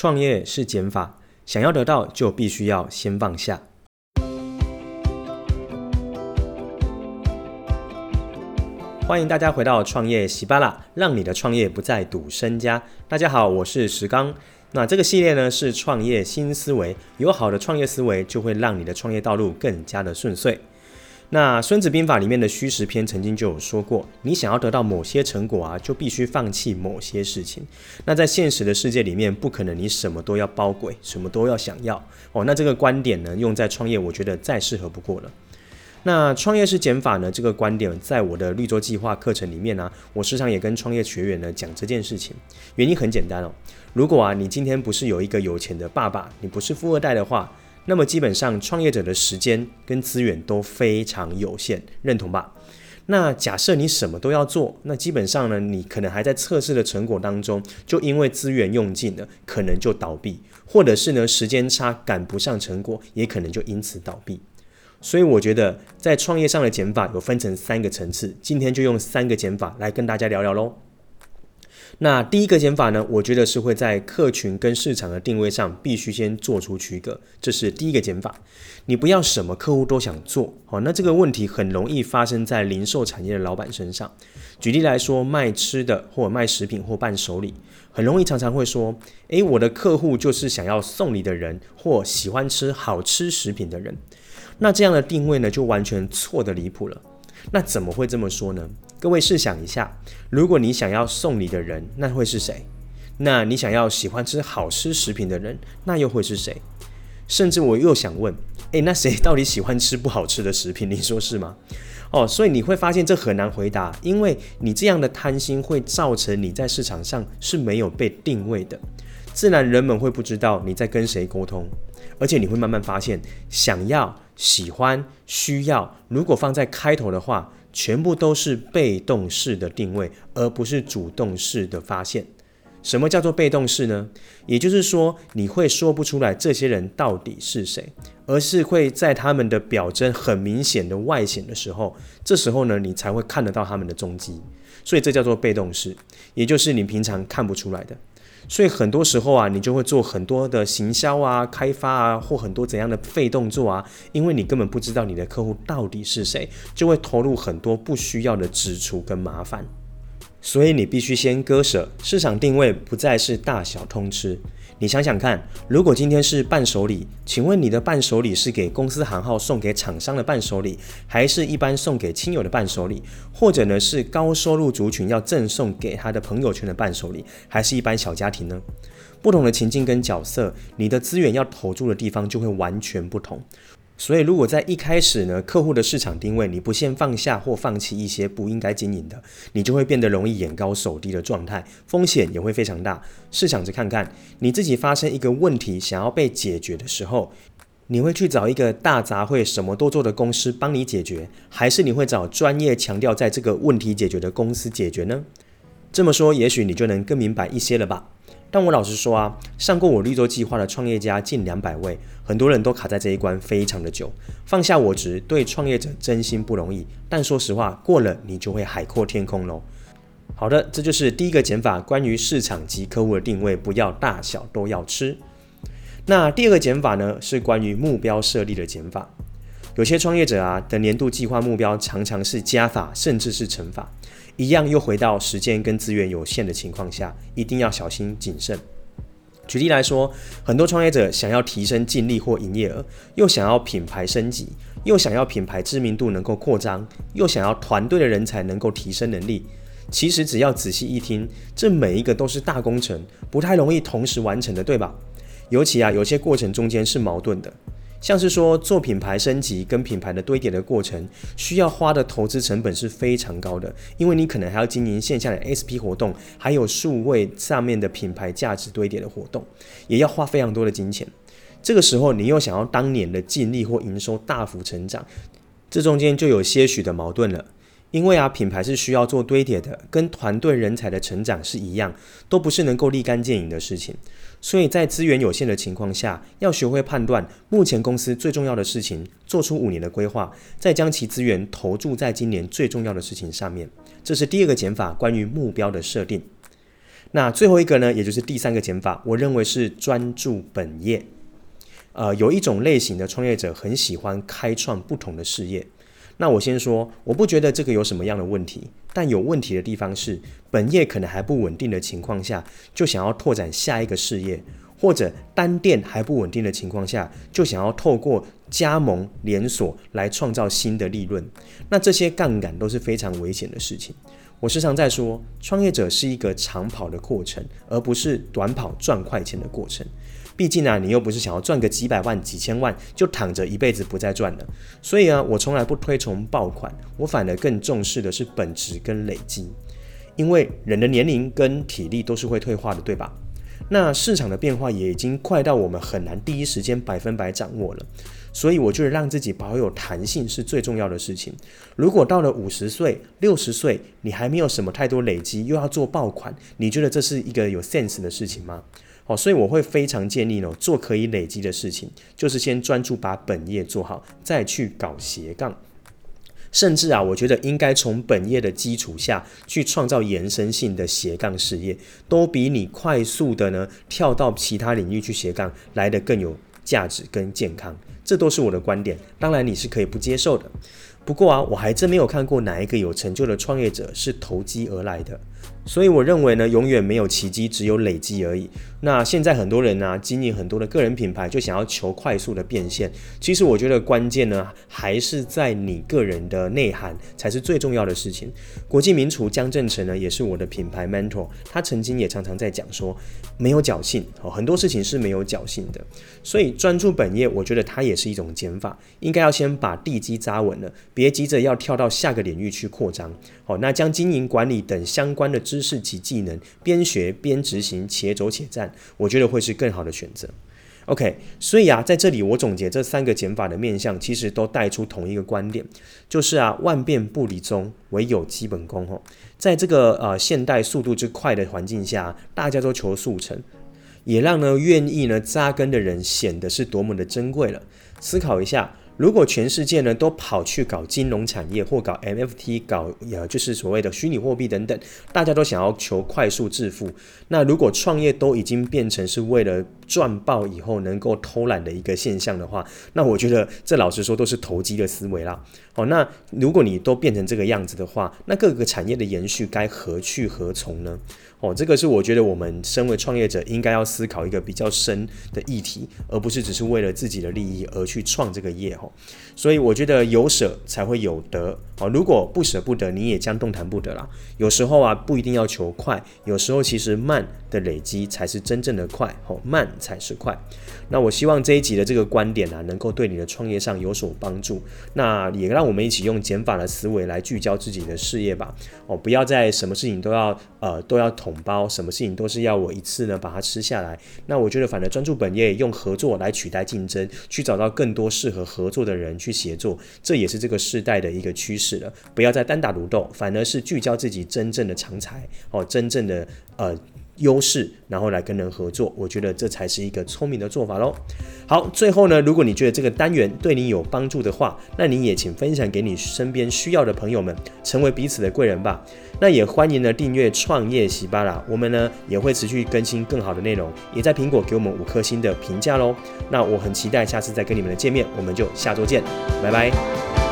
創業是減法，想要得到就必須要先放下。歡迎大家回到創業習吧啦，讓你的創業不再賭身家。大家好，我是石剛。那這個系列呢是創業新思維，有好的創業思維，就會讓你的創業道路更加的順遂。那《孫子兵法》裡面的虛實篇曾經就有說過，你想要得到某些成果啊，就必須放棄某些事情。那在現實的世界裡面，不可能你什麼都要包鬼，什麼都要想要哦。那這個觀點呢，用在創業，我覺得再適合不過了。那創業是減法呢，這個觀點在我的綠洲計劃課程裡面呢、啊，我時常也跟創業學員呢講這件事情。原因很簡單哦，如果啊你今天不是有一個有錢的爸爸，你不是富二代的話。那麼基本上，創業者的時間跟資源都非常有限，認同吧？那假設你什麼都要做，那基本上呢，你可能還在測試的成果當中，就因為資源用盡了，可能就倒閉；或者是呢，時間差趕不上成果，也可能就因此倒閉。所以我覺得，在創業上的減法有分成三個層次，今天就用三個減法來跟大家聊聊嘍。那第一個減法呢，我覺得是會在客群跟市場的定位上必須先做出區隔，這是第一個減法。你不要什麼客戶都想做，好，那這個問題很容易發生在零售產業的老板身上。舉例來說，賣吃的或者賣食品或伴手禮，很容易常常會說，誒、欸，我的客戶就是想要送禮的人或喜歡吃好吃食品的人。那這樣的定位呢，就完全錯得離譜了。那怎麼會這麼說呢？各位試想一下，如果你想要送禮的人，那會是誰？那你想要喜歡吃好吃食品的人，那又會是誰？甚至我又想問，誒、欸，那誰到底喜歡吃不好吃的食品？你說是嗎？哦，所以你會發現這很難回答，因為你這樣的貪心會造成你在市場上是沒有被定位的，自然人們會不知道你在跟誰溝通，而且你會慢慢發現，想要、喜歡、需要，如果放在開頭的話。全部都是被動式的定位，而不是主動式的發現。什麼叫做被動式呢？也就是說，你會說不出來這些人到底是誰，而是會在他們的表徵很明顯的外顯的時候，這時候呢，你才會看得到他們的蹤跡。所以這叫做被動式，也就是你平常看不出來的。所以很多時候啊，你就會做很多的行銷啊、開發啊，或很多怎樣的廢動作啊，因為你根本不知道你的客戶到底是誰，就會投入很多不需要的支出跟麻煩。所以你必須先割捨市場定位，不再是大小通吃。你想想看，如果今天是伴手禮，請問你的伴手禮是給公司行號送給廠商的伴手禮，還是一般送給親友的伴手禮？或者呢，是高收入族群要贈送給他的朋友圈的伴手禮，還是一般小家庭呢？不同的情境跟角色，你的資源要投注的地方就會完全不同。所以，如果在一開始呢，客戶的市場定位，你不先放下或放棄一些不應該經營的，你就會變得容易眼高手低的狀態，風險也會非常大。試想着看看，你自己發生一個問題想要被解決的時候，你會去找一個大雜燴什麼都做的公司幫你解決，還是你會找專業強調在這個問題解決的公司解決呢？這麼說，也許你就能更明白一些了吧。但我老實說啊，上過我綠洲計劃的創業家近兩百位，很多人都卡在這一關非常的久。放下我執，對創業者真心不容易。但說實話，過了你就會海闊天空嘍。好的，這就是第一個減法，關於市場及客戶的定位，不要大小都要吃。那第二個減法呢，是關於目標設立的減法。有些創業者啊，的年度計劃目標常常是加法，甚至是乘法。一樣又回到時間跟資源有限的情況下，一定要小心謹慎。舉例來說，很多創業者想要提升淨利或營業額，又想要品牌升級，又想要品牌知名度能夠擴張，又想要團隊的人才能夠提升能力。其實只要仔細一聽，這每一個都是大工程，不太容易同時完成的，對吧？尤其啊，有些過程中間是矛盾的。像是說做品牌升級跟品牌的堆疊的過程，需要花的投資成本是非常高的，因為你可能還要經營線下的 SP 活動，還有數位上面的品牌價值堆疊的活動，也要花非常多的金錢。這個時候，你又想要當年的淨利或營收大幅成長，這中間就有些許的矛盾了。因為啊，品牌是需要做堆疊的，跟團隊人才的成長是一樣，都不是能夠立竿見影的事情。所以在資源有限的情況下，要學會判斷目前公司最重要的事情，做出五年的規劃，再將其資源投注在今年最重要的事情上面。這是第二個減法，關於目標的設定。那最後一個呢，也就是第三個減法，我認為是專注本業。呃，有一種類型的創業者很喜歡開創不同的事業。那我先說，我不覺得這個有什麼樣的問題，但有問題的地方是，本業可能還不穩定的情況下，就想要拓展下一個事業，或者單店還不穩定的情況下，就想要透過加盟連鎖來創造新的利潤。那這些槓桿都是非常危險的事情。我時常在說，創業者是一個長跑的過程，而不是短跑賺快錢的過程。畢竟呢、啊，你又不是想要賺個幾百萬、幾千萬就躺着一輩子不再賺了。所以啊，我從來不推崇爆款，我反而更重視的是本質跟累積。因為人的年齡跟體力都是會退化的，對吧？那市場的變化也已經快到我們很難第一時間百分百掌握了。所以我覺得讓自己保有彈性是最重要的事情。如果到了五十歲、六十歲，你還沒有什麼太多累積，又要做爆款，你覺得這是一個有 sense 的事情嗎？哦，所以我會非常建議呢，做可以累積的事情，就是先專注把本業做好，再去搞斜槓。甚至啊，我覺得應該從本業的基礎下去創造延伸性的斜槓事業，都比你快速的呢跳到其他領域去斜槓來得更有價值跟健康。這都是我的觀點，當然你是可以不接受的。不過啊，我還真沒有看過哪一個有成就的創業者是投機而來的。所以我認為呢，永遠沒有奇蹟，只有累積而已。那現在很多人呢、啊，經營很多的個人品牌，就想要求快速的變現。其實我覺得關鍵呢，還是在你個人的內涵才是最重要的事情。國際名廚江振誠呢，也是我的品牌 mentor，他曾經也常常在講說，沒有僥倖哦，很多事情是沒有僥倖的。所以專注本業，我覺得他也是一種減法，應該要先把地基紮穩了，別急着要跳到下個領域去擴張。好，那將經營管理等相關的知識及技能，邊學邊執行，且走且戰，我覺得會是更好的選擇。OK，所以啊，在這裡我總結這三個減法的面向，其實都帶出同一個觀點，就是啊，萬變不離宗，唯有基本功哦。在這個呃現代速度之快的環境下，大家都求速成，也讓呢願意呢扎根的人顯得是多麼的珍貴了。思考一下。如果全世界呢，都跑去搞金融產業，或搞 NFT、搞呃，就是所謂的虛擬貨幣等等，大家都想要求快速致富，那如果創業都已經變成是為了……賺爆以後能夠偷懶的一個現象的話，那我覺得這老實說都是投機的思維啦。好、哦，那如果你都變成這個樣子的話，那各個產業的延續該何去何從呢？哦，這個是我覺得我們身為創業者應該要思考一個比較深的議題，而不是只是為了自己的利益而去創這個業哈。所以我覺得有捨才會有得哦。如果不捨不得，你也將動彈不得啦。有時候啊，不一定要求快，有時候其實慢的累積才是真正的快。好、哦，慢。踩石塊，那我希望這一集的這個觀點呢、啊，能夠對你的創業上有所幫助。那也讓我們一起用減法的思維來聚焦自己的事業吧。哦，不要再什麼事情都要呃，都要統包，什麼事情都是要我一次呢把它吃下來。那我覺得，反而專注本業，用合作來取代競爭，去找到更多適合合作的人去協作，這也是這個世代的一個趨勢了。不要再單打獨鬥，反而是聚焦自己真正的長才哦，真正的呃。優勢，然後來跟人合作，我覺得這才是一個聰明的做法嘍。好，最後呢，如果你覺得這個單元對你有幫助的話，那你也請分享給你身邊需要的朋友們，成為彼此的貴人吧。那也歡迎呢訂閱創業喜巴拉，我們呢也會持續更新更好的內容，也在蘋果給我們五顆星的評價嘍。那我很期待下次再跟你們的見面，我們就下周見，拜拜。